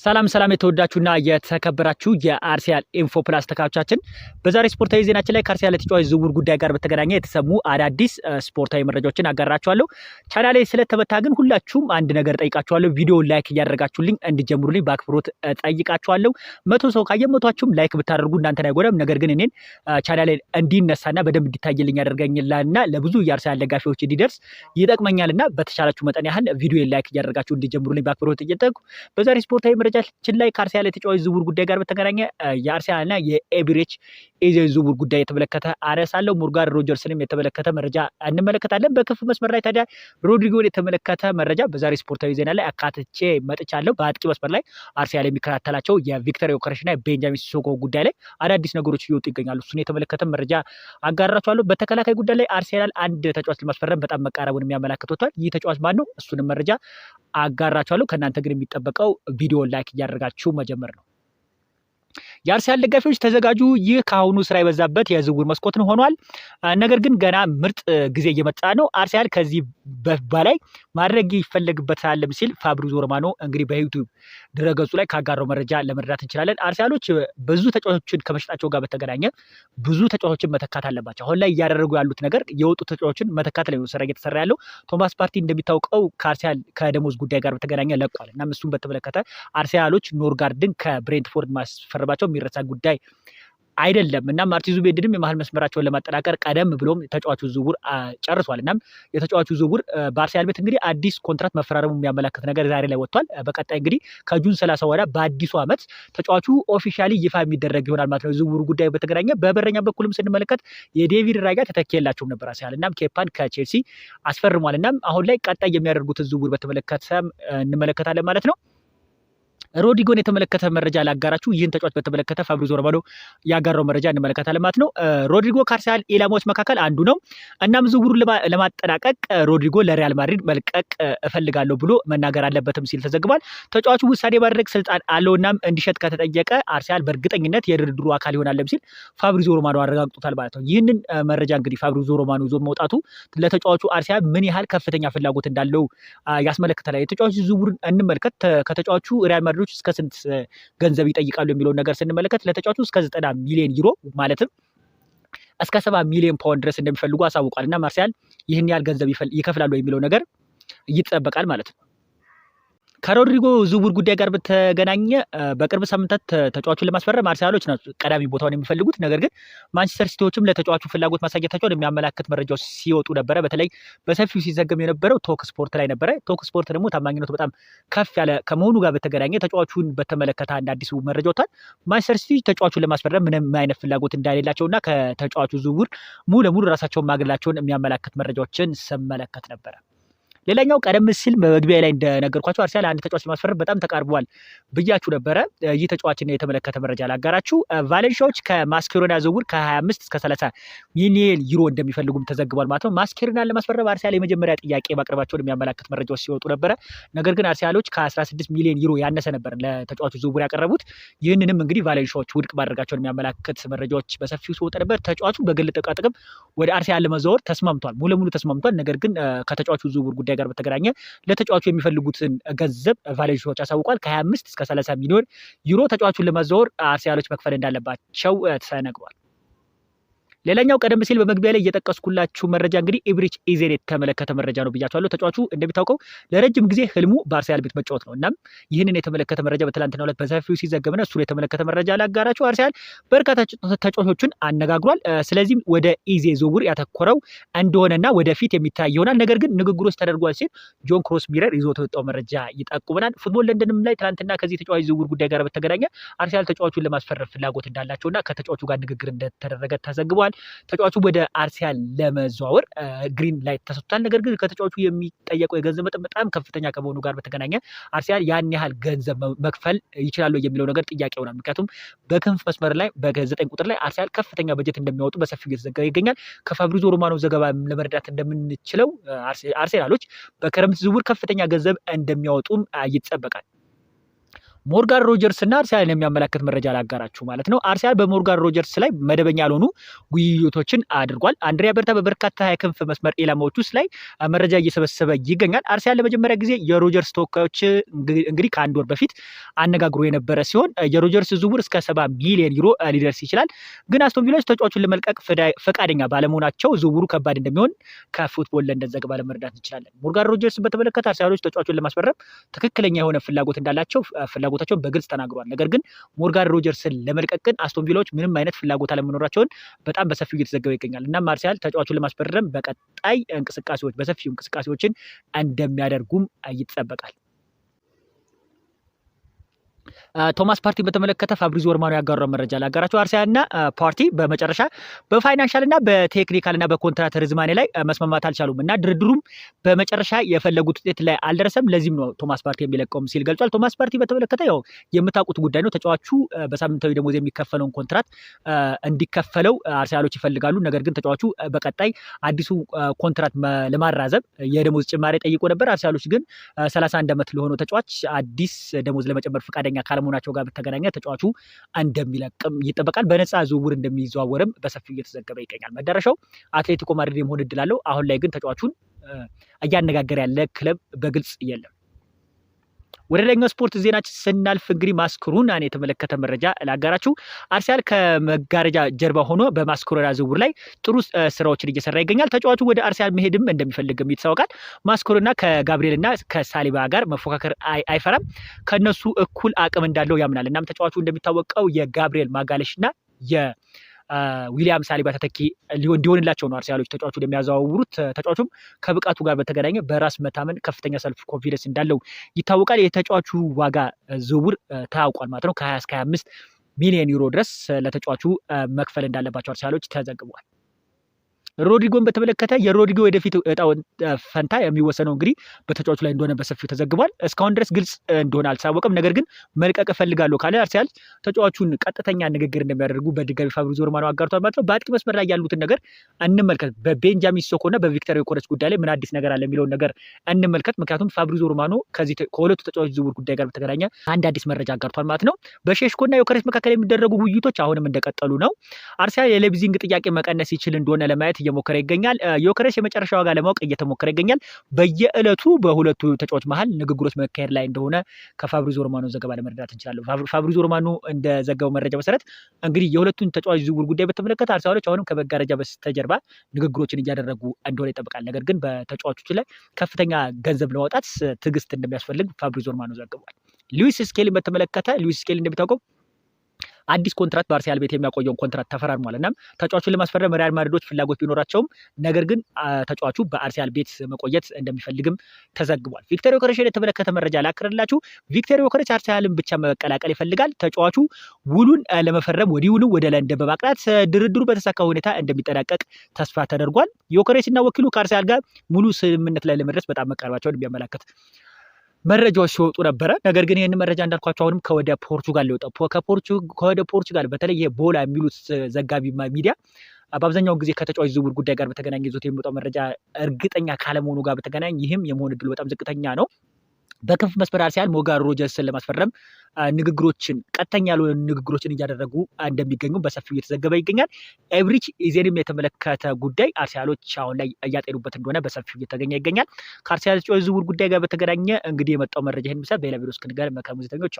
ሰላም ሰላም የተወዳችሁና የተከበራችሁ የአርሰናል ኢንፎ ፕላስ ተካዮቻችን በዛሬ ስፖርታዊ ዜናችን ላይ ከአርሰናል ተጫዋች ዝውውር ጉዳይ ጋር በተገናኘ የተሰሙ አዳዲስ ስፖርታዊ መረጃዎችን አጋራችኋለሁ። ቻናሌ ስለተመታ ግን ሁላችሁም አንድ ነገር ጠይቃችኋለሁ። ቪዲዮ ላይክ እያደረጋችሁልኝ እንዲጀምሩልኝ በአክብሮት ጠይቃችኋለሁ። መቶ ሰው ካየ መቷችሁም ላይክ ብታደርጉ እናንተን አይጎዳም። ነገር ግን እኔን ላይ እንዲነሳና በደንብ እንዲታይልኝ ያደርገኝላና ለብዙ የአርሰናል ደጋፊዎች እንዲደርስ ይጠቅመኛልና በተቻላችሁ መጠን ያህል ቪዲዮ ላይክ እያደረጋችሁ እንዲጀምሩልኝ በአክብሮት እየጠቁ በዛሬ ስፖርታዊ ችን ላይ ከአርሰናል የተጫዋች ዝውውር ጉዳይ ጋር በተገናኘ የአርሰናልና የኤብሬች ኤዜ ዝውውር ጉዳይ የተመለከተ አለው። ሙርጋን ሮጀርስንም የተመለከተ መረጃ እንመለከታለን። በክፍ መስመር ላይ ታዲያ ሮድሪጎን የተመለከተ መረጃ በዛሬ ስፖርታዊ ዜና ላይ አካትቼ መጥቻለሁ። በአጥቂ መስመር ላይ አርሰናል የሚከታተላቸው የቪክተር ዮከረስና የቤንጃሚን ሲሶኮ ጉዳይ ላይ አዳዲስ ነገሮች እየወጡ ይገኛሉ። እሱን የተመለከተ መረጃ አጋራችኋለሁ። በተከላካይ ጉዳይ ላይ አርሰናል አንድ ተጫዋች ለማስፈረም በጣም መቃረቡን የሚያመላክት ወጥቷል። ይህ ተጫዋች ማን ነው? እሱንም መረጃ አጋራችኋለሁ። ከእናንተ ግን የሚጠበቀው ቪዲዮ ላይክ እያደረጋችሁ መጀመር ነው። የአርሰናል ደጋፊዎች ተዘጋጁ። ይህ ከአሁኑ ስራ የበዛበት የዝውውር መስኮትን ሆኗል። ነገር ግን ገና ምርጥ ጊዜ እየመጣ ነው። አርሰናል ከዚህ በላይ ማድረግ ይፈለግበታልም ሲል ፋብሪዞ ሮማኖ እንግዲህ በዩቱብ ድረገጹ ላይ ካጋረው መረጃ ለመረዳት እንችላለን። አርሰናሎች ብዙ ተጫዋቾችን ከመሸጣቸው ጋር በተገናኘ ብዙ ተጫዋቾችን መተካት አለባቸው። አሁን ላይ እያደረጉ ያሉት ነገር የወጡ ተጫዋቾችን መተካት ላይ ስራ እየተሰራ ያለው። ቶማስ ፓርቲ እንደሚታወቀው ከአርሰናል ከደሞዝ ጉዳይ ጋር በተገናኘ ለቋል እና እሱን በተመለከተ አርሰናሎች ኖርጋርድን ከብሬንትፎርድ ማስፈረባቸው የሚረሳ ጉዳይ አይደለም እና ማርቲን ዙቤንዲንም የመሀል መስመራቸውን ለማጠናከር ቀደም ብሎም ተጫዋቹ ዝውውር ጨርሷል። እናም የተጫዋቹ ዝውውር በአርሰናል ቤት እንግዲህ አዲስ ኮንትራት መፈራረሙ የሚያመላክት ነገር ዛሬ ላይ ወጥቷል። በቀጣይ እንግዲህ ከጁን ሰላሳ ወዳ በአዲሱ ዓመት ተጫዋቹ ኦፊሻሊ ይፋ የሚደረግ ይሆናል ማለት ነው። ዝውውሩ ጉዳይ በተገናኘ በበረኛ በኩልም ስንመለከት የዴቪድ ራያ ተተኪ የላቸውም ነበር አርሰናል። እናም ኬፓን ከቼልሲ አስፈርሟል። እናም አሁን ላይ ቀጣይ የሚያደርጉትን ዝውውር በተመለከተ እንመለከታለን ማለት ነው። ሮድሪጎን የተመለከተ መረጃ ላጋራችሁ። ይህን ተጫዋች በተመለከተ ፋብሪዞ ሮማኖ ያጋራው መረጃ እንመለከታለን ማለት ነው። ሮድሪጎ ከአርሰናል ኢላማዎች መካከል አንዱ ነው። እናም ዝውውሩን ለማጠናቀቅ ሮድሪጎ ለሪያል ማድሪድ መልቀቅ እፈልጋለሁ ብሎ መናገር አለበትም ሲል ተዘግቧል። ተጫዋቹ ውሳኔ ማድረግ ስልጣን አለው። እናም እንዲሸጥ ከተጠየቀ አርሰናል በእርግጠኝነት የድርድሩ አካል ይሆናለም ሲል ፋብሪዞ ሮማኖ አረጋግጦታል ማለት ነው። ይህንን መረጃ እንግዲህ ፋብሪዞ ሮማኖ ይዞ መውጣቱ ለተጫዋቹ አርሰናል ምን ያህል ከፍተኛ ፍላጎት እንዳለው ያስመለክታል። የተጫዋቹ ዝውውሩን እንመልከት። ከተጫዋቹ ሪያል ማድሪድ ክለቦች እስከ ስንት ገንዘብ ይጠይቃሉ የሚለውን ነገር ስንመለከት ለተጫዋቹ እስከ ዘጠና ሚሊዮን ዩሮ ማለትም እስከ ሰባ ሚሊዮን ፓውንድ ድረስ እንደሚፈልጉ አሳውቋል እና ማርሲያል ይህን ያህል ገንዘብ ይከፍላሉ የሚለው ነገር ይጠበቃል ማለት ነው። ከሮድሪጎ ዝውውር ጉዳይ ጋር በተገናኘ በቅርብ ሳምንታት ተጫዋቹን ለማስፈረም አርሰናሎች ናቸው ቀዳሚ ቦታውን የሚፈልጉት። ነገር ግን ማንቸስተር ሲቲዎችም ለተጫዋቹ ፍላጎት ማሳየታቸውን የሚያመላክት መረጃዎች ሲወጡ ነበረ። በተለይ በሰፊው ሲዘገም የነበረው ቶክ ስፖርት ላይ ነበረ። ቶክ ስፖርት ደግሞ ታማኝነቱ በጣም ከፍ ያለ ከመሆኑ ጋር በተገናኘ ተጫዋቹን በተመለከተ አንድ አዲሱ መረጃ ወጥቷል። ማንቸስተር ሲቲ ተጫዋቹን ለማስፈረም ምንም አይነት ፍላጎት እና ከተጫዋቹ ዝውውር ሙሉ ለሙሉ ራሳቸውን ማግለላቸውን የሚያመላክት መረጃዎችን ስመለከት ነበረ። ሌላኛው ቀደም ሲል መግቢያ ላይ እንደነገርኳቸው አርሰናል አንድ ተጫዋች ለማስፈረም በጣም ተቃርቧል ብያችሁ ነበረ። ይህ ተጫዋችን የተመለከተ መረጃ ላጋራችሁ። ቫሌንሻዎች ከማስኬሮና ዝውውር ከ25 እስከ 30 ሚሊዮን ዩሮ እንደሚፈልጉም ተዘግቧል ማለት ነው። ማስኬሮናን ለማስፈረም አርሰናል የመጀመሪያ ጥያቄ ማቅረባቸውን የሚያመላክት መረጃዎች ሲወጡ ነበረ። ነገር ግን አርሰናሎች ከ16 ሚሊዮን ዩሮ ያነሰ ነበር ለተጫዋቹ ዝውውር ያቀረቡት። ይህንንም እንግዲህ ቫሌንሻዎች ውድቅ ማድረጋቸውን የሚያመላክት መረጃዎች በሰፊው ሲወጡ ነበር። ተጫዋቹ በግል ጥቅም ወደ አርሰናል ለመዘወር ተስማምቷል፣ ሙሉ ለሙሉ ተስማምቷል። ነገር ግን ከተጫዋቹ ዝውውር ጉዳይ ጉዳይ ጋር በተገናኘ ለተጫዋቹ የሚፈልጉትን ገንዘብ ቫሌንሲያዎች አሳውቋል። ከ25 እስከ 30 ሚሊዮን ዩሮ ተጫዋቹን ለማዘዋወር አርሰናሎች መክፈል እንዳለባቸው ተነግሯል። ሌላኛው ቀደም ሲል በመግቢያ ላይ እየጠቀስኩላችሁ መረጃ እንግዲህ ኢብሪች ኢዜን የተመለከተ መረጃ ነው ብያችኋለሁ። ተጫዋቹ እንደሚታውቀው ለረጅም ጊዜ ህልሙ በአርሰናል ቤት መጫወት ነው። እናም ይህንን የተመለከተ መረጃ በትላንትና ሁለት በሰፊው ሲዘገብነ እሱን የተመለከተ መረጃ ላጋራችሁ። አርሰናል በርካታ ተጫዋቾችን አነጋግሯል። ስለዚህም ወደ ኢዜ ዝውውር ያተኮረው እንደሆነና ወደፊት የሚታይ ይሆናል። ነገር ግን ውስጥ ተደርጓል ሲል ጆን ክሮስ ሚረር ይዞ ተወጣው መረጃ ይጠቁመናል። ፉትቦል ለንደንም ላይ ትላንትና ከዚህ ተጫዋች ዝውውር ጉዳይ ጋር በተገናኘ አርሰናል ተጫዋቹን ለማስፈረፍ ፍላጎት እንዳላቸውና ከተጫዋቹ ጋር ንግግር እንደተደረገ ተዘግቧል። ተሰጥቷል። ተጫዋቹ ወደ አርሰናል ለመዘዋወር ግሪን ላይት ተሰጥቷል። ነገር ግን ከተጫዋቹ የሚጠየቀው የገንዘብ መጠን በጣም ከፍተኛ ከመሆኑ ጋር በተገናኘ አርሰናል ያን ያህል ገንዘብ መክፈል ይችላሉ የሚለው ነገር ጥያቄ ይሆናል። ምክንያቱም በክንፍ መስመር ላይ በዘጠኝ ቁጥር ላይ አርሰናል ከፍተኛ በጀት እንደሚያወጡ በሰፊው እየተዘገበ ይገኛል። ከፋብሪዞ ሮማኖ ዘገባ ለመረዳት እንደምንችለው አርሴናሎች በክረምት ዝውውር ከፍተኛ ገንዘብ እንደሚያወጡም ይጠበቃል። ሞርጋን ሮጀርስ እና አርሰናልን የሚያመላክት መረጃ ላጋራችሁ ማለት ነው። አርሰናል በሞርጋን ሮጀርስ ላይ መደበኛ ያልሆኑ ውይይቶችን አድርጓል። አንድሪያ በርታ በበርካታ የክንፍ መስመር ኢላማዎች ውስጥ ላይ መረጃ እየሰበሰበ ይገኛል። አርሰናል ለመጀመሪያ ጊዜ የሮጀርስ ተወካዮች እንግዲህ ከአንድ ወር በፊት አነጋግሮ የነበረ ሲሆን የሮጀርስ ዝውውር እስከ ሰባ ሚሊዮን ዩሮ ሊደርስ ይችላል። ግን አስቶን ቪላዎች ተጫዋቹን ለመልቀቅ ፈቃደኛ ባለመሆናቸው ዝውውሩ ከባድ እንደሚሆን ከፉትቦል ለንደን ዘገባ ለመረዳት እንችላለን። ሞርጋን ሮጀርስ በተመለከተ አርሰናሎች ተጫዋቹን ለማስፈረም ትክክለኛ የሆነ ፍላጎት እንዳላቸው ፍላጎታቸውን በግልጽ ተናግሯል። ነገር ግን ሞርጋን ሮጀርስን ለመልቀቅ ግን አስቶን ቪላዎች ምንም አይነት ፍላጎት አለመኖራቸውን በጣም በሰፊው እየተዘገበ ይገኛል። እናም ማርሲያል ተጫዋቹን ለማስፈረም በቀጣይ እንቅስቃሴዎች በሰፊው እንቅስቃሴዎችን እንደሚያደርጉም ይጠበቃል። ቶማስ ፓርቲን በተመለከተ ፋብሪዝ ወርማኖ ያጋራው መረጃ ላጋራቸው። አርሰናልና ፓርቲ በመጨረሻ በፋይናንሻልና በቴክኒካልና በኮንትራት ርዝማኔ ላይ መስማማት አልቻሉም እና ድርድሩም በመጨረሻ የፈለጉት ውጤት ላይ አልደረሰም። ለዚህም ነው ቶማስ ፓርቲ የሚለቀውም ሲል ገልጿል። ቶማስ ፓርቲ በተመለከተ ያው የምታውቁት ጉዳይ ነው። ተጫዋቹ በሳምንታዊ ደሞዝ የሚከፈለውን ኮንትራት እንዲከፈለው አርሰናሎች ይፈልጋሉ። ነገር ግን ተጫዋቹ በቀጣይ አዲሱ ኮንትራት ለማራዘብ የደሞዝ ጭማሪ ጠይቆ ነበር። አርሰናሎች ግን 31 ዓመት ለሆነው ተጫዋች አዲስ ደሞዝ ለመጨመር ፈቃደኛ ካለመሆናቸው ጋር በተገናኘ ተጫዋቹ እንደሚለቅም ይጠበቃል። በነፃ ዝውውር እንደሚዘዋወርም በሰፊው እየተዘገበ ይገኛል። መዳረሻው አትሌቲኮ ማድሪድ የመሆን እድል አለው። አሁን ላይ ግን ተጫዋቹን እያነጋገረ ያለ ክለብ በግልጽ የለም። ወደ ሌላኛው ስፖርት ዜናችን ስናልፍ እንግዲህ ማስክሩናን የተመለከተ መረጃ ላጋራችሁ። አርሰናል ከመጋረጃ ጀርባ ሆኖ በማስኩሩና ዝውውር ላይ ጥሩ ስራዎችን እየሰራ ይገኛል። ተጫዋቹ ወደ አርሰናል መሄድም እንደሚፈልግም ይታወቃል። ማስኩሩና ከጋብሪኤልና ከሳሊባ ጋር መፎካከር አይፈራም። ከነሱ እኩል አቅም እንዳለው ያምናል። እናም ተጫዋቹ እንደሚታወቀው የጋብሪኤል ማጋለሽና የ ዊሊያም ሳሊባ ተተኪ እንዲሆንላቸው ነው አርሰናሎች ተጫዋቹ የሚያዘዋውሩት። ተጫዋቹም ከብቃቱ ጋር በተገናኘ በራስ መታመን ከፍተኛ ሰልፍ ኮንፊደንስ እንዳለው ይታወቃል። የተጫዋቹ ዋጋ ዝውውር ታውቋል ማለት ነው። ከ20 እስከ 25 ሚሊዮን ዩሮ ድረስ ለተጫዋቹ መክፈል እንዳለባቸው አርሰናሎች ተዘግቧል። ሮድሪጎን በተመለከተ የሮድሪጎ ወደፊት እጣውን ፈንታ የሚወሰነው እንግዲህ በተጫዋቹ ላይ እንደሆነ በሰፊው ተዘግቧል። እስካሁን ድረስ ግልጽ እንደሆነ አልተሳወቀም። ነገር ግን መልቀቅ እፈልጋለሁ ካለ አርሲያል ተጫዋቹን ቀጥተኛ ንግግር እንደሚያደርጉ በድጋሚ ፋብሪዞ ሮማኖ አጋርቷል ማለት ነው። በአጥቂ መስመር ላይ ያሉትን ነገር እንመልከት። በቤንጃሚን ሶኮና በቪክተር ዮከረስ ጉዳይ ላይ ምን አዲስ ነገር አለ የሚለውን ነገር እንመልከት። ምክንያቱም ፋብሪዞ ሮማኖ ከዚህ ከሁለቱ ተጫዋች ዝውውር ጉዳይ ጋር በተገናኘ አንድ አዲስ መረጃ አጋርቷል ማለት ነው። በሼሽኮና ዮከረስ መካከል የሚደረጉ ውይይቶች አሁንም እንደቀጠሉ ነው። አርሲያል የሌቪዚንግ ጥያቄ መቀነስ ይችል እንደሆነ ለማየት እየሞከረ ይገኛል። ዮከሬስ የመጨረሻ ዋጋ ለማወቅ እየተሞከረ ይገኛል። በየዕለቱ በሁለቱ ተጫዋች መሀል ንግግሮች መካሄድ ላይ እንደሆነ ከፋብሪዞ ሮማኖ ዘገባ ለመረዳት እንችላለን። ፋብሪዞ ሮማኖ እንደዘገበው መረጃ መሰረት እንግዲህ የሁለቱን ተጫዋች ዝውውር ጉዳይ በተመለከተ አርሰናሎች አሁንም ከመጋረጃ በስተጀርባ ንግግሮችን እያደረጉ እንደሆነ ይጠብቃል ነገር ግን በተጫዋቾች ላይ ከፍተኛ ገንዘብ ለማውጣት ትዕግስት እንደሚያስፈልግ ፋብሪዞ ሮማኖ ዘግቧል። ሉዊስ ስኬልን በተመለከተ ሉዊስ ስኬል እንደሚታወቀው አዲስ ኮንትራት በአርሰናል ቤት የሚያቆየውን ኮንትራት ተፈራርሟል። እናም ተጫዋቹን ለማስፈረም ሪያል ማድሪዶች ፍላጎት ቢኖራቸውም ነገር ግን ተጫዋቹ በአርሲያል ቤት መቆየት እንደሚፈልግም ተዘግቧል። ቪክቶሪ ዮከረስን የተመለከተ መረጃ ላክርላችሁ። ቪክተር ዮከረስ አርሲያልን ብቻ መቀላቀል ይፈልጋል። ተጫዋቹ ውሉን ለመፈረም ወዲሁኑ ወደ ለንደን በማቅናት ድርድሩ በተሳካ ሁኔታ እንደሚጠናቀቅ ተስፋ ተደርጓል። ዮከረስ እና ወኪሉ ከአርሲያል ጋር ሙሉ ስምምነት ላይ ለመድረስ በጣም መቃረባቸውን የሚያመላክት መረጃዎች ሲወጡ ነበረ። ነገር ግን ይህን መረጃ እንዳልኳቸው አሁንም ከወደ ፖርቹጋል ሊወጣ ከወደ ፖርቹጋል በተለይ ይሄ ቦላ የሚሉት ዘጋቢ ሚዲያ በአብዛኛውን ጊዜ ከተጫዋች ዝውውር ጉዳይ ጋር በተገናኘ ይዞት የሚወጣው መረጃ እርግጠኛ ካለመሆኑ ጋር በተገናኘ ይህም የመሆን እድሉ በጣም ዝቅተኛ ነው። በክንፍ መስመር አርሰናል ሞጋር ሮጀርስን ለማስፈረም ንግግሮችን ቀጥተኛ ያልሆነ ንግግሮችን እያደረጉ እንደሚገኙ በሰፊው እየተዘገበ ይገኛል። ኤብሪች ኢዜንም የተመለከተ ጉዳይ አርሰናሎች አሁን ላይ እያጤኑበት እንደሆነ በሰፊው እየተገኘ ይገኛል። ከአርሰናል ዝውውር ጉዳይ ጋር በተገናኘ እንግዲህ የመጣው መረጃ ይህን ምሳ በሌላ ቪዲዮ እስክንገናኝ መልካም ሙዚተኞች